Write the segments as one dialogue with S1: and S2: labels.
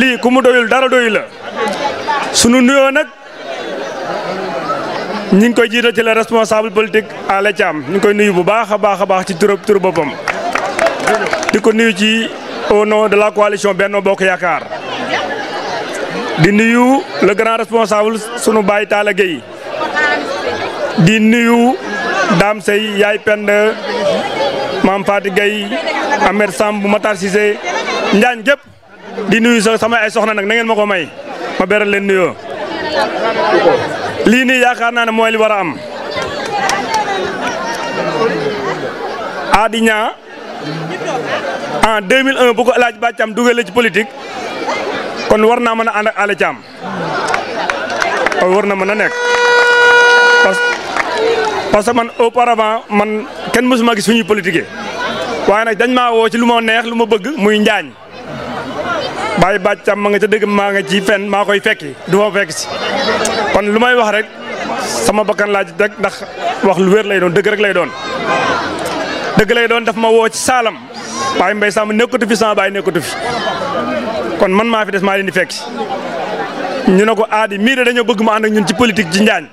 S1: lii ku mu doyul dara doyu la sunu nuyoo nag ñi ngi koy jiital ci la responsable politique Alé Thiam ñu ngi koy nuyu bu baax a baax a baax ci turu turu boppam di ko nuyu ci au de la coalition benn Bokk Yaakaar di nuyu le grand responsable sunu baay Talla Gueye di nuyu Dame Sey Yaay Penda Mame Faty Gueye Ahmed Samb Matar Cissé Njaañ gépp di nuyu sa sama ay soxna nag na ngeen ma ko may ma beral leen nuyoo lii nii yaakaar naa ne mooy li war a am Adi Niang en 2001 bu ko El Hadj Ba Thiam dugalee ci politique kon war naa mën a ànd ak Alé Thiam war na mën a nekk parce que man auparavant man kenn mësuma gis fu ñuy politiquer waaye nag dañ maa woo ci lu ma neex lu ma bëgg muy njaañ. bàyyi bàcc tam ma nga ca dëgg maa nga ci fenn maa koy fekki du ma fekk si kon lu may wax rek sama bakkan laaj ci teg ndax wax lu wér lay doon dëgg rek lay doon dëgg lay doon daf ma woo ci saalam waaye mbay sama nekkatu fi sama baay nekkatu fi kon man maa fi des maa leen di fekk ñu ne ko aadi mii de dañoo bëgg mu ànd ñun ci politique ci njaañ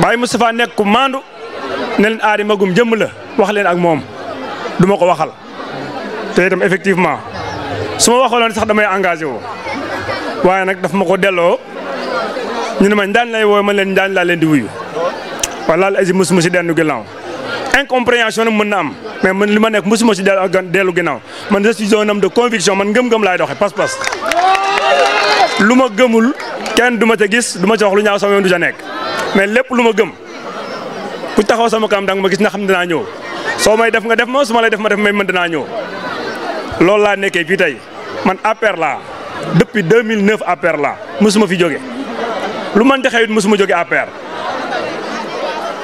S1: Baye Moustapha nekk ku maandu ne leen aadi magum jëmm la wax leen ak moom duma ko waxal te itam effectivement su ma waxoon sax damay engagé woo waaye nag daf ma ko delloo ñu ne ma daan lay wooy ma leen daan laa leen di wuyu wala la asi mosuma si dellu ginnaaw incompréhension nag mën na am mais man li ma nekk mosuma si dellu ginnaaw man je suis un homme de conviction man ngëm-ngëm laay doxee pas-pas lu ma gëmul kenn du ma ca gis du ma ca wax lu ñaaw sama yoon du ca nekk mais lépp lu ma gëm ku taxaw sama kanam danga ma gis na xam ne dinaa ñëw soo may def def ma su lay def ma def may mën dinaa ñëw loolu laa nekkee fii tey man APR laa depuis 2009 APR laa mosuma fi jóge lu man di xewit mosuma jóge APR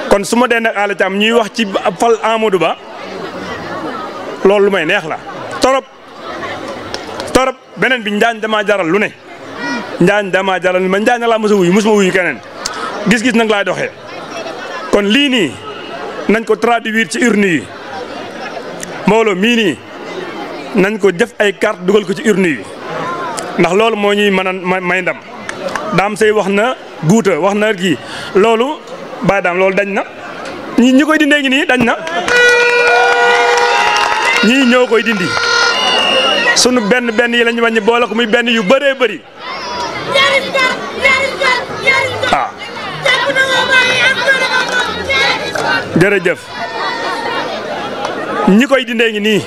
S1: kon su ma dee nag Alla Thiam ñuy wax ci fal Amadou Ba loolu lu may neex la torop torop beneen bi njaañ dama jaral lu ne njaañ damaa jaral ma njaañ laa mos a wuyu mosuma keneen gis-gis nag laay doxe kon lii nii nañ ko traduire ci urne yi mbooloo mii nii nañ ko def ay carte dugal ko ci urne yi ndax loolu moo ñuy mën a may ndam daam sey wax na guuta wax na kii loolu bàyyi daam loolu dañ na ñi ñi koy dindee nii dañ na ñii ñoo koy dindi sunu benn benn yi lañu wàññi boole ko muy benn yu bëree bëri ah. jërëjëf ñi koy dindee ngi nii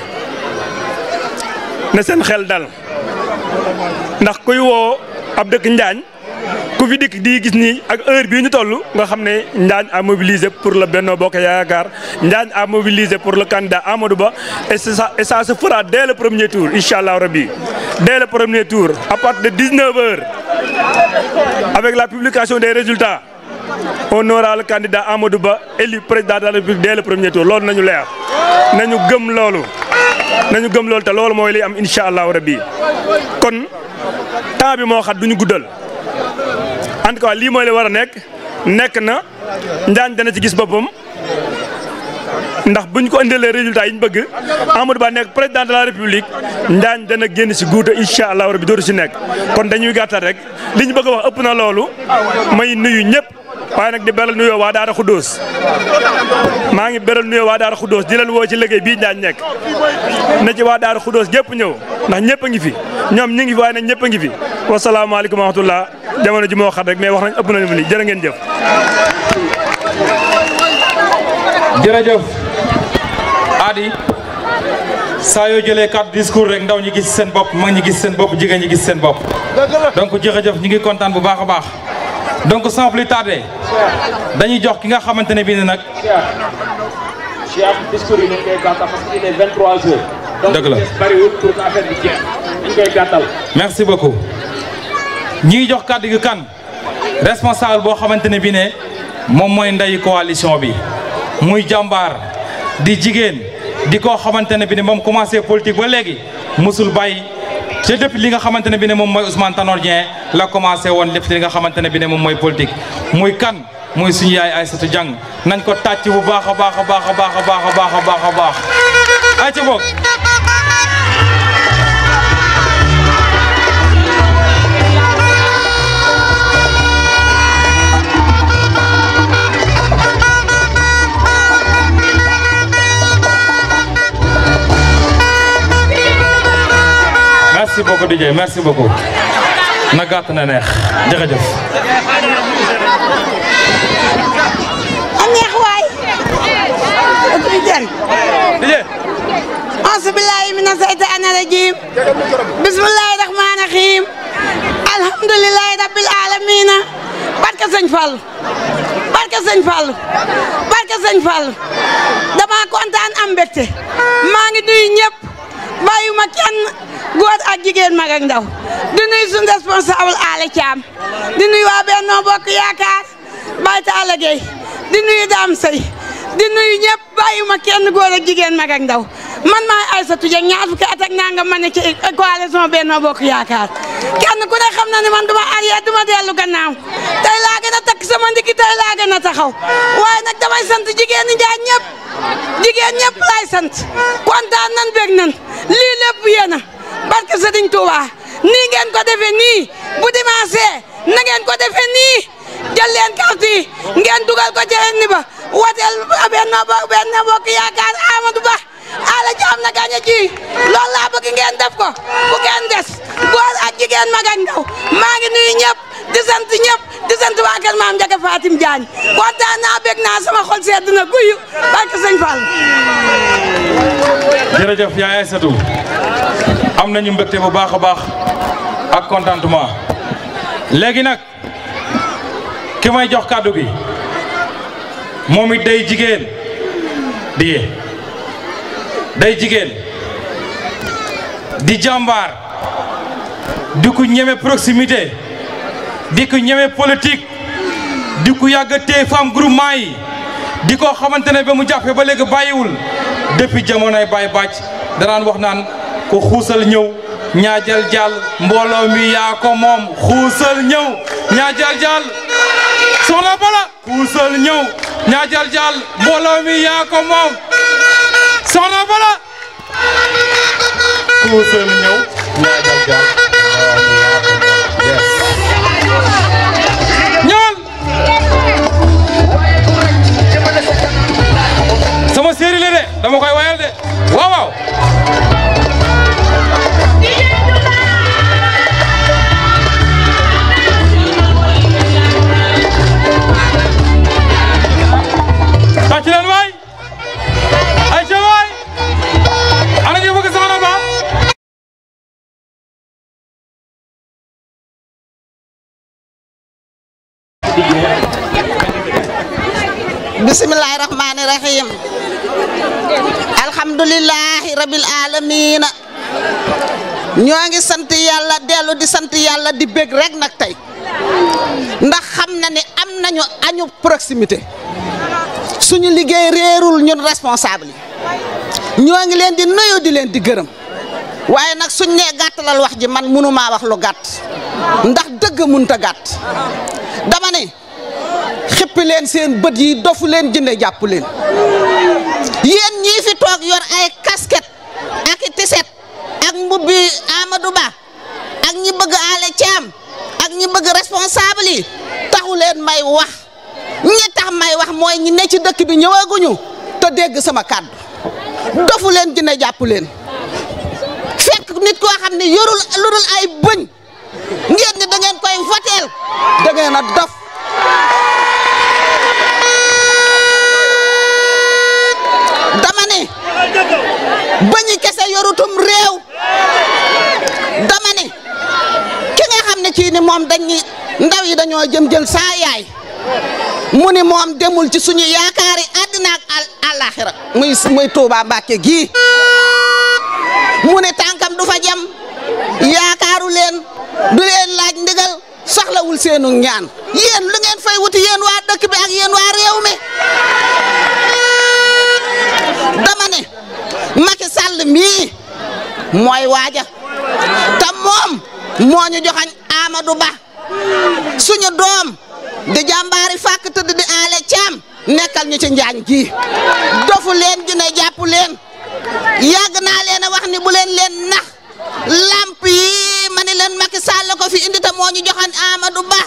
S1: na seen xel dal ndax kuy woo ab dëkk Njaañ ku fi dikk di gis nii ak heure bi ñu toll nga xam ne Njaañ a mobiliser pour le Benno Bokk Yaakaar Njaañ a mobilisé pour le candidat Amadou Ba et ça et ça se fera dès le premier tour incha allah rabbi dès le premier tour à partir de 19 heures avec la publication des résultats on aura le candidat Amadou président de la République dès premier tour loolu nañu leer nañu gëm loolu. nañu gëm loolu te loolu mooy li am incha allahu rabbi kon temps bi moo xat duñu guddal en tout cas lii mooy li war a nekk nekk na Njaañ dana ci gis boppam ndax bu ñu ko indilee résultat yi ñu bëgg Amadou Ba nekk président de la république Njaañ dana génn si guuta incha allahu rabbi dootu ci nekk kon dañuy gàttal rek li ñu bëgg a wax ëpp na loolu may nuyu ñëpp. waaye nag di beral nuyoo waa Daara Xuddoos maa ngi beral nuyoo waa Daara Xuddoos di leen woo ci liggéey bii daañu nekk na ci waa Daara Xuddoos ñëpp ñëw ndax ñëpp a ngi fi ñoom ñu ngi fi waaye nag ñëpp a ngi fi wasalaamaaleykum wa rahmatulah jamono ji moo xam rek mais wax nañ ëpp nañu li jërë ngeen jëf. jërëjëf Adi saa
S2: yoo jëlee carte discours rek ndaw ñi gis seen bopp mag ñi gis seen bopp jigéen ñi gis seen bopp donc jërëjëf ñu ngi kontaan bu baax a baax. donc sans plus dañuy jox ki nga xamante ne bii nag. ci am discours parce que il est 23 heures. dëgg la donc
S1: bariwul pour que affaire bi jeex dañ
S2: merci beaucoup ñi ngi jox kàddu gi kan responsable boo xamante ne bii ne moom mooy ndeyu coalition bi muy jàmbaar di jigéen di koo xamante ne bii ne moom commencé politique ba léegi musul bàyyi. ci depuis li nga xamante ne bi ne moom mooy Ousmane Tanor la commencé woon lépp li nga xamante ne bi ne moom mooy politique muy kan muy suñu yaay Aïssatou Dieng nañ ko tàcc bu baax a baax a baax a baax a baax a baax a baax a baax ay ca boog merci beaucoup DJ merci beaucoup na a neex
S3: barke sëñ Fall. dama kontaan am mbégte. maa ngi nuyu ñëpp. bàyyiwuma kenn. góor a jigéen mag ak ndaw di nuyu suñu responsable Alé Thiam di nuyu waa Benno Bokk Yaakaar Baye Talla Gueye di nuyu Dame Seye di nuyu ñëpp bàyyiwuma kenn góor ak jigéen mag ak ndaw man maay Aïssatou Dieng ñaar fukki at ak nangam ma ne ci coalition Benno Bokk Yaakaar kenn ku ne xam na ne man duma arrière duma dellu gannaaw tey laa gën a takk sama ndigi tey laa gën a taxaw waaye nag damay sant jigéen ñi njaay jigéen ñëpp laay sant kontaan nan bég nan lii lépp yéena barke Sëriñ Touba nii ngeen ko defee nii bu dimanche na ko defee nii jël leen ngeen dugal ko ci ni ba woteel Benno Benno Yaakaar Amadou Ba ala jaam na gaañ a ji laa bëgg ngeen def ko bu des góor ak jigéen mag ak ndaw maa ngi nuyu ñëpp di sant ñëpp di sant waa kër maam Ndiaga Fatim Diagne kontaan naa bég naa sama xol sedd na guyu barke sëñ Fall
S2: am nañu mbégte bu baax a baax ak kontantement léegi nag ki may jox kàddu gi moom it day jigéen di day jigéen di jàmbaar di ku ñeme proximité di ku ñeme politique di ku yàgg a téye femme groupement yi di koo xamante ne ba mu jàppee ba léegi bàyyiwul depuis jamonoy Baye Bàcc danaan wax naan. ku xuusal ñëw ñaajal jàll mbooloo mi yaa ko moom xuusal ñëw ñaajal jàll soxna bala xuusal ñëw ñaajal jàll mbooloo mi yaa moom soxna bala
S4: xuusal ñëw ñaajal
S2: sama séeri la de
S5: rahim alhamdulilahi rabil alamina ñoo ngi sant yàlla dellu di sant yàlla di bég rekk nag tey ndax xam na ni am nañu añu proximité suñu liggéey réerul ñun responsable ñoo ngi leen di nuyu di leen di gërëm waaye nag suñ nee gàttalal wax ji man mënumaa wax lu gàtt ndax dëgg mënut a gàtt dama xippi leen seen bët yi dofu leen jënde jàpp leen yéen ñii fi toog yor ay casquette ak tiset ak mbubbi Amadou Ba ak ñi bëgg Alé Thiam ak ñi bëgg responsable yi taxu leen may wax ñi tax may wax mooy ñi ne ci dëkk bi ñëwaguñu te dégg sama kàddu dofu leen jënde jàpp leen fekk nit koo xam ne yorul ay bëñ ngeen ni da koy voteel da a dof bañi kese yorutum réew dama ne ki xam ne ci ni moom dañuy ndaw yi dañoo jëm jël saa yaay mu ni moom demul ci suñu yaakaari àddina ak muy muy Tuubaa Mbàkke gii mu ne tànkam du fa jëm yaakaaru leen du leen laaj ndigal soxlawul seenu ñaan yéen lu ngeen wuti yéen waa dëkk bi ak yéen waa réew mi mii mooy waaja te moom moo ñu joxañ Amadou Ba suñu doom di jàmbaari fàkk tëdd di aale caam nekkal ñu ci njaañ gii dofu leen gine jàpp leen yàgg na leen a wax ni bu leen leen nax lamp yi ma ni leen Macky Sall ko fi indi te moo ñu joxañ Amadou Ba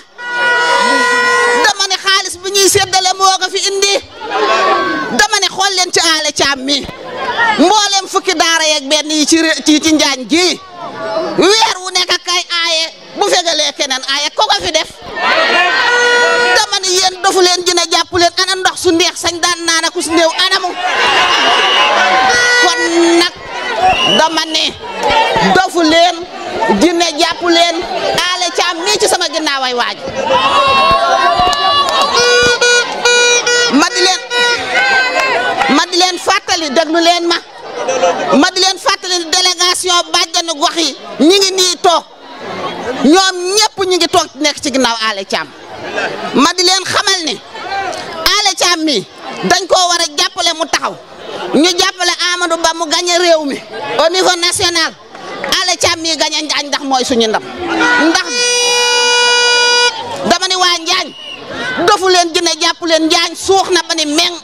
S5: dama ne xaalis bi ñuy séddale moo ko fi indi dama ne xool leen ci aale caam mi mboole yeeg benn yi ci ci ci njaañ gi weer wu nekk kay aaye bu fegalee keneen aaye ko ko fi def dama ni dofu leen jën a jàpp leen ana ndox su ndeex sañ daan naan ak su néew anamu kon nag dama ne dofu leen jën a jàpp leen aale caam mii ci sama ginnaaway waaj ma leen ma leen fàttali déglu leen ma ma leen fàttali ne délégation bàjjanu gox yi ñi ngi nii toog ñoom ñëpp ñi ngi toog nekk ci ginnaaw ale Thiam ma di leen xamal ne Alé Thiam mi dañ ko war a jàppale mu taxaw ñu jàppale Amadou Ba mu gañe réew mi au niveau national Alé mi gañe Njaañ ndax mooy suñu ndam ndax dama ni waa Njaañ dofu leen gën jàpp leen Njaañ suux na ba ni meng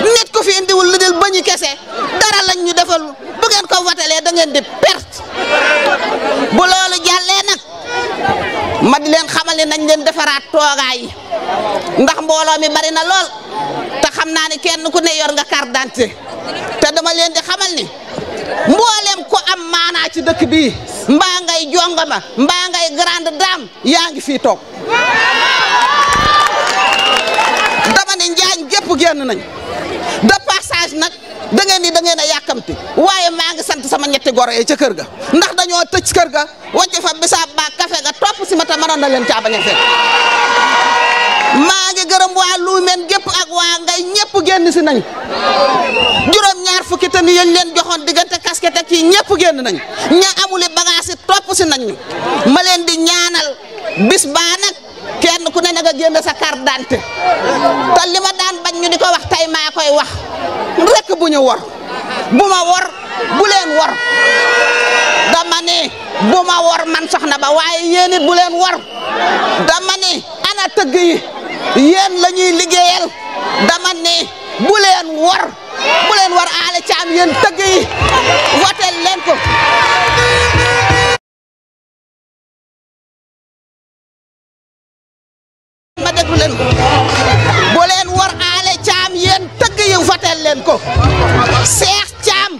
S5: nit ku fi indiwul lu dul ba ñu kese dara lañ ñu defal bu ngeen ko watalee da ngeen di perte bu loolu jàllee nag ma di leen xamal ne nañ leen defaraat toogaay yi ndax mbooloo mi bari na lool te xam naa ne kenn ku ne yor nga carte d'identité te dama leen di xamal ni mbooleem ko am maanaa ci dëkk bii mbaa ngay jongama mbaa ngay grande dame yaa ngi fi toog bu génn nañ de passage nag da ngeen ni da ngeen a yàkkamti waaye maa ngi sant sama ñetti goro yi ca kër ga ndax dañoo tëj kër ga wàcc fa bisaab baa kafe ga topp si ma te mënoon na leen caa bañ a fekk maa ngi gërëm waa Luumeen gépp ak waa Ngay ñëpp génn si nañ juróom-ñaar fukki tani yañ leen joxoon diggante casquette ak kii ñëpp génn nañ ña amuli bagage yi topp si nañ ma leen di ñaanal bis baa nag kenn ku ne na nga sa carte d'identité te li ma daan bañ ñu di ko wax tey maa koy wax rek bu ñu wor bu ma wor bu leen wor dama ne bu ma wor man soxna ba waaye yéen bu leen wor dama ne ana tëgg yi yéen la ñuy liggéeyal dama ne bu leen war bu leen war aale caam yéen tëgg yi woteel leen ko leen ko bu seex caam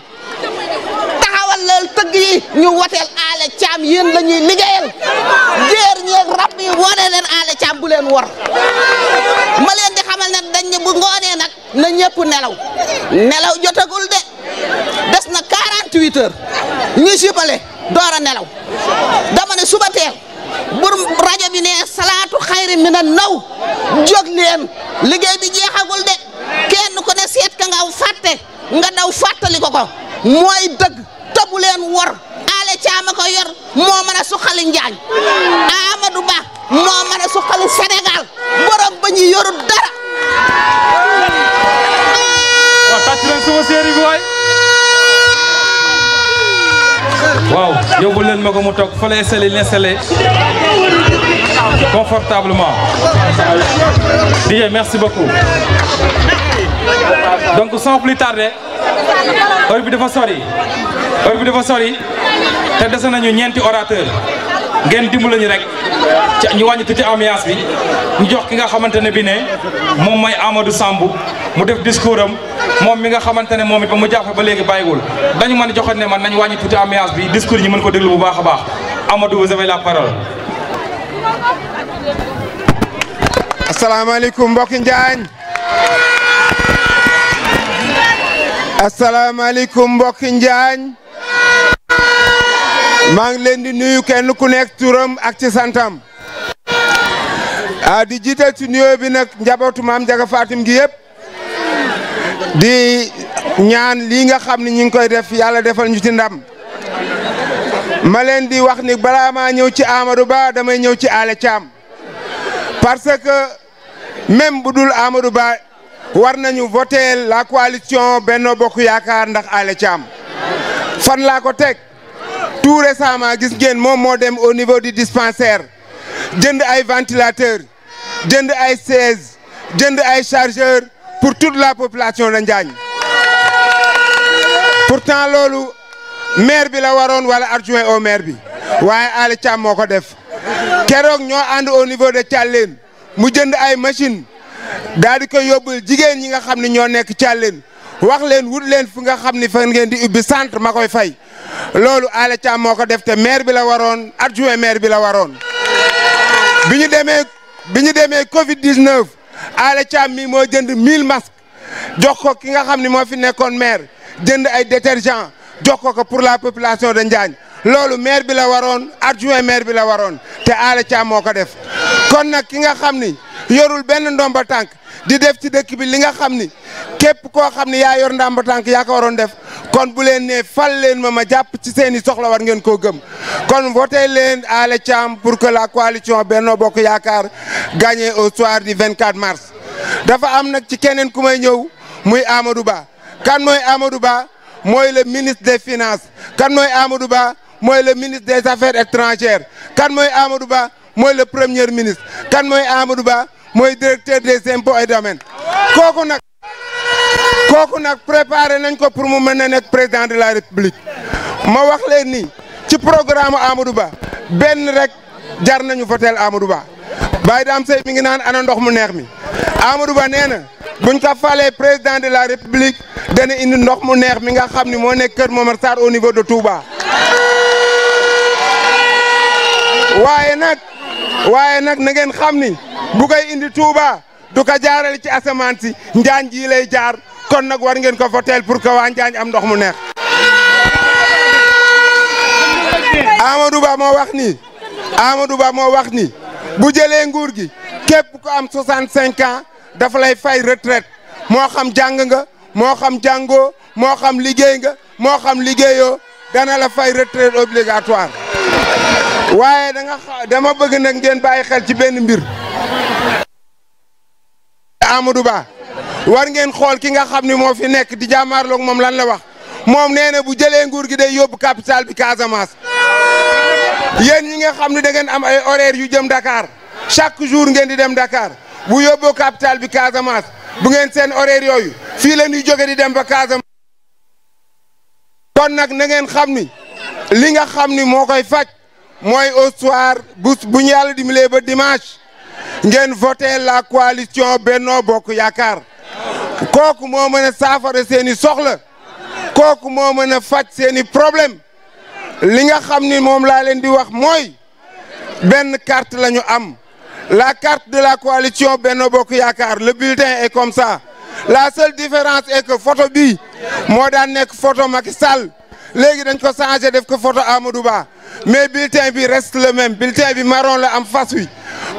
S5: taxawal leen tëgg yi ñu woteel Alé Thiam yéen la ñuy liggéeyal géer ñeeg rab yi wane leen Alé bu leen wor ma leen di xamal ne dañ ne bu ngoonee nag na ñëpp nelaw nelaw jotagul de des na 48 heures ñu sibale door a nelaw dama ne suba bur rajo bi ne salaatu xayri mi na naw jóg leen liggéey bi jeexagul de kenn ku ne seet ka nga fàtte nga daw fàttali ko ko mooy dëgg te wor moo mën a suqali Njaañ Amadou Ba moo mën a suqali Sénégal borom ba yoru dara.
S2: waaw tàcc leen sama mu toog fa lay seli installé confortablement. DJ merci beaucoup. donc sans plus tarder heure bi dafa sori. te dese nañu ñeenti orateur ngeen dimbali ñu rek ci ñu wàññi tuuti bi ñu jox ki nga xamante ne bi ne moom mooy Amadou sambu mu def discours moom mi nga xamante ne moom it ba mu jaafe ba léegi bàyyiwul dañu mën a joxoon ne man nañu wàññi tuuti ambiance bi discours yi ñu mën ko déglu bu baax a baax Amadou vous avez la parole.
S6: asalaamaaleykum mbokki Njaañ. asalaamaaleykum mbokki Njaañ. maa ngi leen di nuyu kenn ku nekk turam ak ci santam ah di jiital ci nuyoo bi nag njabootu maam Njaga Fatim gi yëpp di ñaan lii nga xam ni ñu ngi koy def yàlla defal ñu ci ndam ma leen di wax ni balaa maa ñëw ci Amadou Ba damay ñëw ci Alé Thiam parce que même bu dul Amadou Ba war nañu voter la coalition Benno Bokk Yaakaar ndax Alé Thiam fan laa ko teg. tout récemment gis ngeen moom moo dem au niveau du dispensaire jënd ay ventilateur jënd ay chaise jënd ay chargeur pour toute la population de Njaañ pourtant loolu maire bi la waroon wala adjoint au maire bi waaye Ali Thiam moo ko def keroog ñoo ànd au niveau de Thialène mu jënd ay machine daal di koy yóbbul jigéen ñi nga xam ne ñoo nekk Thialène wax leen wut leen fu nga xam ni fa ngeen di ubbi centre ma koy fay loolu Alé Thiam moo ko def te maire bi la waroon adjoint maire bi la waroon bi ñu demee bi ñu demee Covid 19 Alé Thiam mi moo jënd mille masques jox ko ki nga xam ni moo fi nekkoon maire jënd ay détergent jox ko ko pour la population de Njaañ loolu maire bi la waroon adjoint maire bi la waroon te Alé Thiam moo ko def kon nag ki nga xam ni yorul benn ndomba tànk di def ci dëkk bi li nga xam ni képp koo xam ni yaa yor ndomba tànk yaa ko waroon def. kon bu leen nee fal leen ma ma jàpp ci seen i soxla war ngeen koo gëm kon voté leen Alé Thiam pour que la coalition Benno Bokk Yaakaar gagne au soir du 24 mars. dafa am nag ci keneen ku may ñëw muy Amadou Ba kan mooy Amadou Ba mooy le ministre des finances kan mooy Amadou Ba mooy le ministre des affaires étrangères kan mooy Amadou Ba mooy le premier ministre kan mooy Amadou Ba mooy directeur des impôts et domaines kooku nag. kooku nag préparé nañ ko pour mu mën a nekk président de la république ma wax leen ni ci programme Amadou Ba benn rek jar nañu votel Amadou Ba Baye Dame Seye mi ngi naan ana ndox mu neex mi Amadou Ba nee na buñ ko falee président de la république dana indi ndox mu neex mi nga xam ni moo nekk Kër Momar Sarr au niveau de Touba waaye nag waaye nag na ngeen xam ni bu koy indi Touba du ko jaarale ci asamaan si njaan ji lay jaar kon nag war ngeen ko voteel pour que waa Njaañ am ndox mu neex Amadou Ba moo wax ni bu jëlee nguur gi képp ko am 65 an dafa lay fay retraite moo xam jàng nga moo xam jàngoo moo xam liggéey nga moo xam liggéeyoo dana la fay retraite obligatoire waaye da nga dama bëgg nag ngeen bàyyi xel ci benn mbir Amadou Ba war ngeen xool ki nga xam ni moo fi nekk di jàmmaarloog moom lan la wax moom nee na bu jëlee nguur gi day yóbbu capital bi Casamance. yéen yi nga xam ne da ngeen am ay horaire yu jëm dakaar chaque jour ngeen di dem Dakar bu yóbboo capital bi Casamance bu ngeen seen horaire yooyu fii la ñuy jóge di dem ba Casamance. kon nag na ngeen xam ni li nga xam ni moo koy faj mooy au bu bu ñu yàlla dimbalee ba dimanche. ngeen voté la coalition Benno Bokk Yaakaar kooku moo mën a saafara seen soxla kooku moo mën a faj seen problème li nga xam ni moom laa leen di wax mooy benn carte la ñu am la carte de la coalition Benno Bokk Yaakaar le bulletin est comme ça la seule différence e que photo bi moo daan nekk photo Macky Sall léegi dañ ko changé def ko photo Amadou Ba mais bulletin bi reste le même bulletin bi marron la am fas wi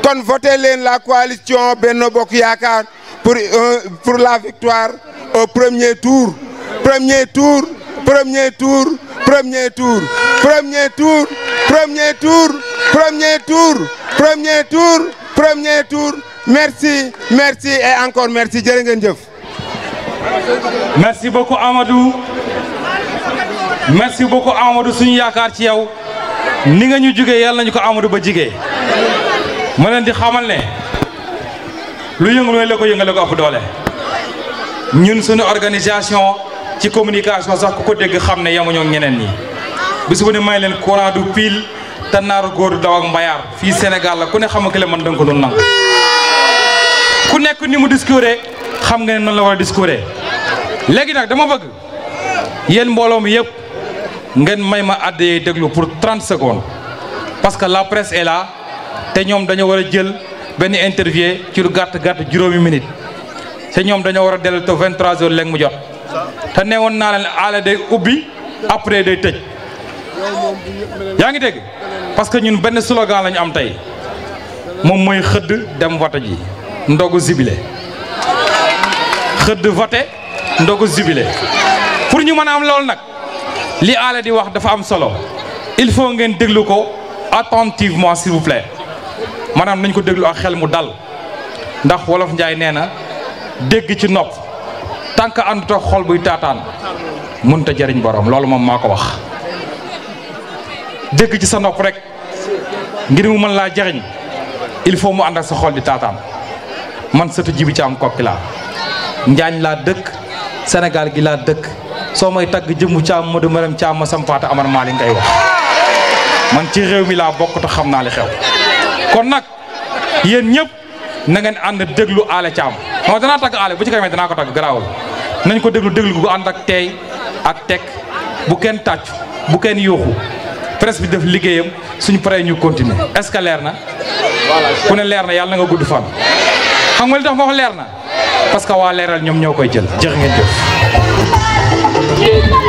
S6: kon voté leen la coalition Benno Bokk Yaakaar pour euh, pour la victoire au premier tour premier tour premier tour premier tour premier tour premier tour premier tour premier tour premier tour merci merci et encore merci jërë ngeen jëf. merci beaucoup Amadou merci beaucoup
S2: Amadou suñu yaakaar ci yow ni nga ñu jugee yàlla ñu ko Amadou ba jigee ma leen di xamal ne lu yëngu looy la ko yëngale ko doole ñun suñu organisation ci communication sax ku ko dégg xam ne yemuñu ñeneen ñi bis bu ne may leen courant du pile te naaru góor du daw mbayaar fii Sénégal la ku ne xam nga man danga ko doon nangu ku nekk ni mu discouré xam nga ne noonu la war a discouré léegi nag dama bëgg yéen mbooloo mi yëpp ngeen may ma àddee déglu pour 30 secondes parce la presse est là. te ñoom dañoo war a jël benn interview ci lu gàtt gàtt juróomi minute te ñoom dañoo war a dellu te 23 heures léegi mu jot te ne woon naa leen aale day ubbi après day tëj yaa ngi dégg parce que ñun benn slogan la ñu am tey moom mooy xëdd dem vote ji ndogu zibilé xëdd vote ndogu zibilé pour ñu mën a am loolu nag li aale di wax dafa am solo il faut ngeen déglu ko attentivement s'il vous maanaam nañ ko déglu ak xel mu dal ndax wolof njaay nee na dégg ci nopp tànk àndut ak xol buy taataan mënta jariñ boroom loolu moom maa ko wax dégg ci sa nopp rek ngir mu mën laa jariñ il faut mu ànd ak sa xol bi taataan man sëtu jibi ci am koppi laa njaañ laa dëkk Sénégal gi laa dëkk soo may tagg jëmmu caam Modou Marème caam ma sam faata Amar Maalik ngay wax man ci réew mi laa bokk te xam naa li xew kon nag yéen ñëpp na ngeen ànd déglu Alé Thiam moo danaa tagg Alé bu ci kanamee danaa ko tagg garaawul nañ ko déglu déglu gu ànd ak teey ak tek bu kenn tàcc bu kenn yuuxu presse bi def liggéeyam suñu paree ñu continuer est-ce que leer na ne leer na yàlla na nga gudd fan xam nga li tax ma wax leer na parce que waa leeral ñoom ñoo koy
S4: jël jërë ngeen jëf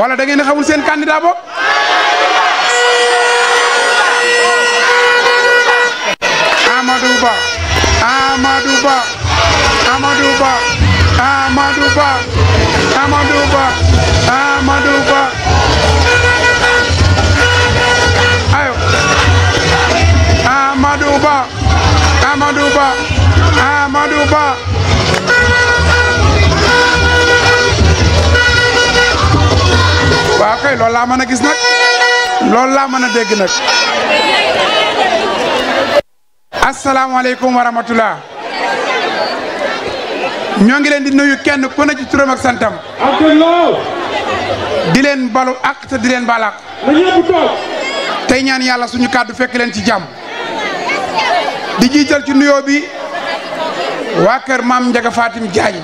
S7: wala da ngeen a xamul seen candidat boog. Amadou Ba Amadou Ba Amadou Ba Amadou Ba Amadou Ba Amadou Ba. loolu laa mën a gis nag loolu laa mën a dégg nag asalaamaaleykum wa rahmatullah ñoo ngi leen di nuyu kenn ku ne ci turam ak santam di leen balu ak te di leen balaq ñaan yàlla suñu kàddu fekk leen ci jàmm di jiital ci nuyoo bi waa kër maam Njaga Fatim Jaañ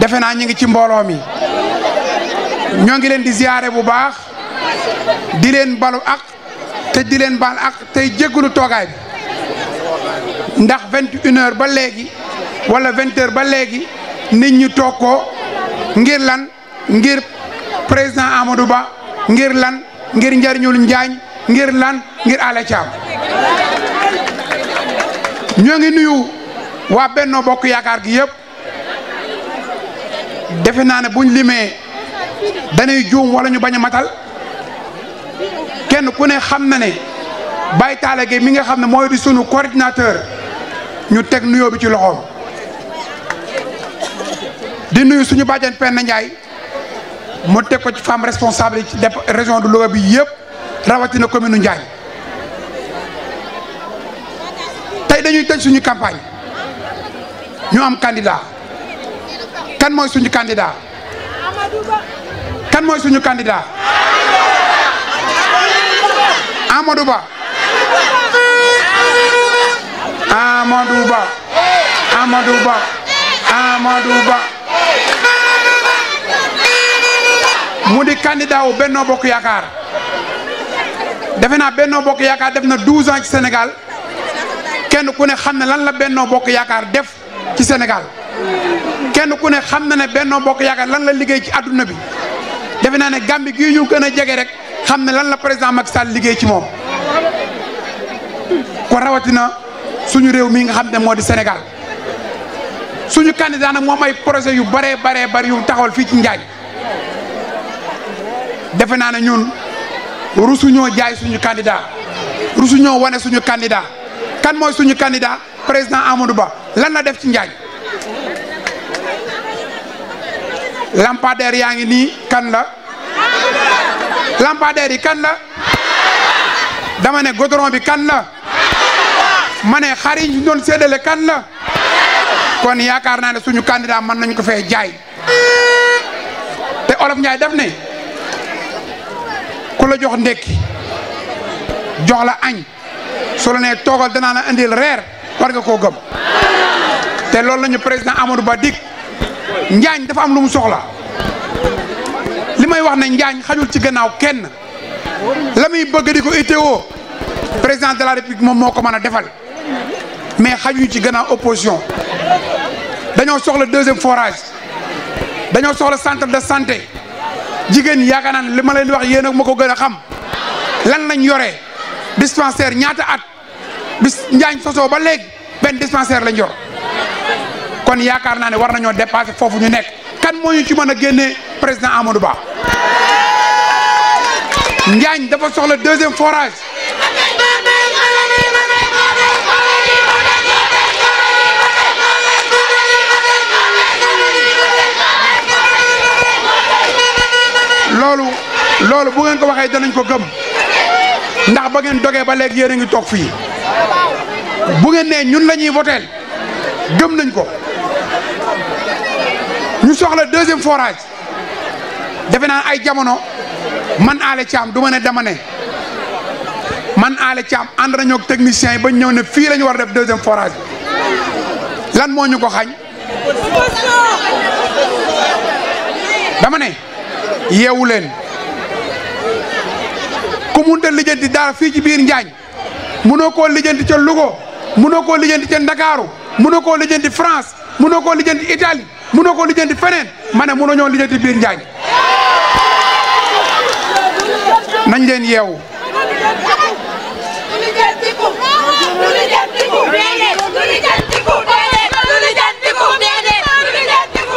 S7: defe naa ñu ngi ci mbooloo mi ñoo ngi leen di ziyaare bu baax di leen balu ak te di leen baal ak tey jéggulu toogaay bi ndax vingt une ba léegi wala vingt ba léegi nit ñu toog ko ngir lan ngir président Amadou Ba ngir lan ngir njariñul Njaañ ngir lan ngir Alla Thiam ñoo ngi nuyu waa Benno Bokk Yaakaar gi yëpp defe naa ne buñ limee dañuy juum wala ñu bañ a matal kenn ku ne xam na ne Baye Talla mi nga xam ne mooy di sunu coordinateur ñu teg nuyoo bi ci loxoom di nuyu suñu bàjjen Penda Ndiaye mu teg ko ci femme responsable yi ci région de Louga bi yëpp rawatina commune Ndiaye tey dañuy tëj suñu campagne ñu am candidat kan mooy suñu candidat kan mooy suñu candidat Amadou Ba Amadou Ba Amadou Ba Amadou Ba mu di candidat wu Benno Bokk Yaakaar defe naa Benno Bokk Yaakaar def na 12 ans ci Sénégal kenn ku ne xam ne lan la Benno Bokk Yaakaar def ci Sénégal kenn ku ne xam na ne Benno Bokk Yaakaar lan la liggéey ci àdduna bi. defe naa ne Gàmbi gii ñu gën a jege rek xam ne lan la président Macky Sall liggéey ci moom ko rawatina suñu réew mii nga xam ne moo di Sénégal suñu candidat nag moom ay projet yu baree baree bari yu taxawal fii ci Njaañ defe naa ne ñun rusuñoo jaay suñu candidat rusuñoo wane suñu candidat kan mooy suñu candidat président Amadou Ba lan la def ci njaaj lampadaire yaa ngi nii kan la lampadaire yi kan la dama ne goudron bi kan la ma ne xar yi ñu doon kan la kon yaakaar naa ne suñu candidat mën nañ ko fee jaay te olof Njaay daf ne ku la jox ndekki jox la añ solo ne nee toogal danaa la indil reer war nga koo gëm te loolu la président Amadou Ba dik njaañ dafa am lu mu soxla li may wax ne njaañ xajul ci gannaaw kenn la muy di ko itteewoo président de la république moom moo ko mën a defal mais xajuñu ci gannaaw opposition dañoo soxla deuxième forage dañoo soxla centre de santé jigéen yaakaar naa ne li ma leen di wax yéen a ma ko gën a xam lan lañ yore dispensaire ñaata at bis njaañ sosoo ba léegi benn dispensaire lañ yor. kon yaakaar naa ne war nañoo dépassé foofu ñu nekk kan moo ñu ci mën a génne président Amadou Ba. Njaañ dafa soxla deuxième forage. loolu loolu bu ngeen ko waxee danañ ko gëm ndax ba ngeen dogee ba léegi yéen a ngi toog fii bu ngeen nee ñun la ñuy voteel gëm nañ ko. ñu soxla deuxième forage defe naa ay jamono man Alé Thiam du ma ne dama ne man Alé Thiam ànd nañoo ak techniciens yi ba ñëw ne fii la war a def deuxième forage lan moo ñu ko xañ dama ne yeewu leen ku munta di dara fii ci biir Njaañ munoo koo di ca Louga munoo koo di ca Ndakaaru munoo koo lijjanti France munoo koo lijjanti Italie mënoo ko lijjanti feneen ma ne mënoo ñoo lijjanti biir Njaañ nañ leen yeewu.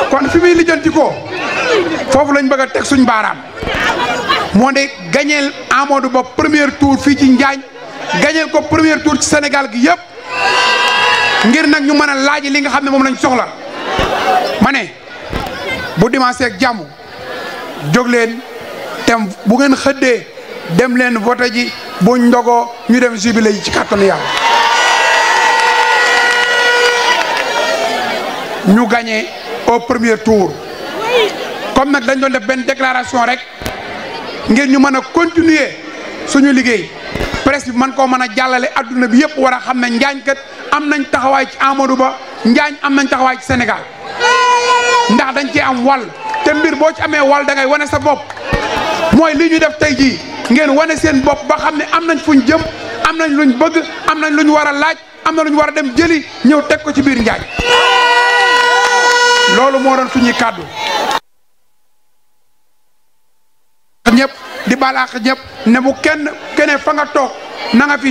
S7: kon fi muy lijjanti ko foofu lañ bëgg a teg suñ baaraam moo de gañeel Amadou Ba premier tour fii ci Njaañ gañeel ko premier tour ci Sénégal gi yëpp ngir nag ñu mën a laaj li nga xam ne moom lañ soxla. ma ne bu dimanche ak jàmm jóg leen tem bu ngeen xëddee dem leen vote ji buñ ndogoo ñu dem jubile yi ci kàttanu yàlla ñu gagné au premier tour comme nag dañ doon def benn déclaration rek ngir ñu mën a continuer suñu liggéey presse bi man koo mën a jàllale adduna bi yëpp war a xam ne njaañ kat am nañ taxawaay ci Amadou Ba njaañ am nañ taxawaay ci Sénégal ndax dañ cee am wal te mbir boo ci amee wal da ngay wane sa bopp mooy li ñu def tey jii ngeen wane seen bopp ba xam ne am nañ fuñ jëm am nañ luñ bëgg am nañ luñ war a laaj am na luñ war a dem jëli ñëw teg ko ci biir Njaañ loolu moo doon suñuy kàddu ñëpp di balaax ñëpp ne bu kenn keneen fa nga toog na fi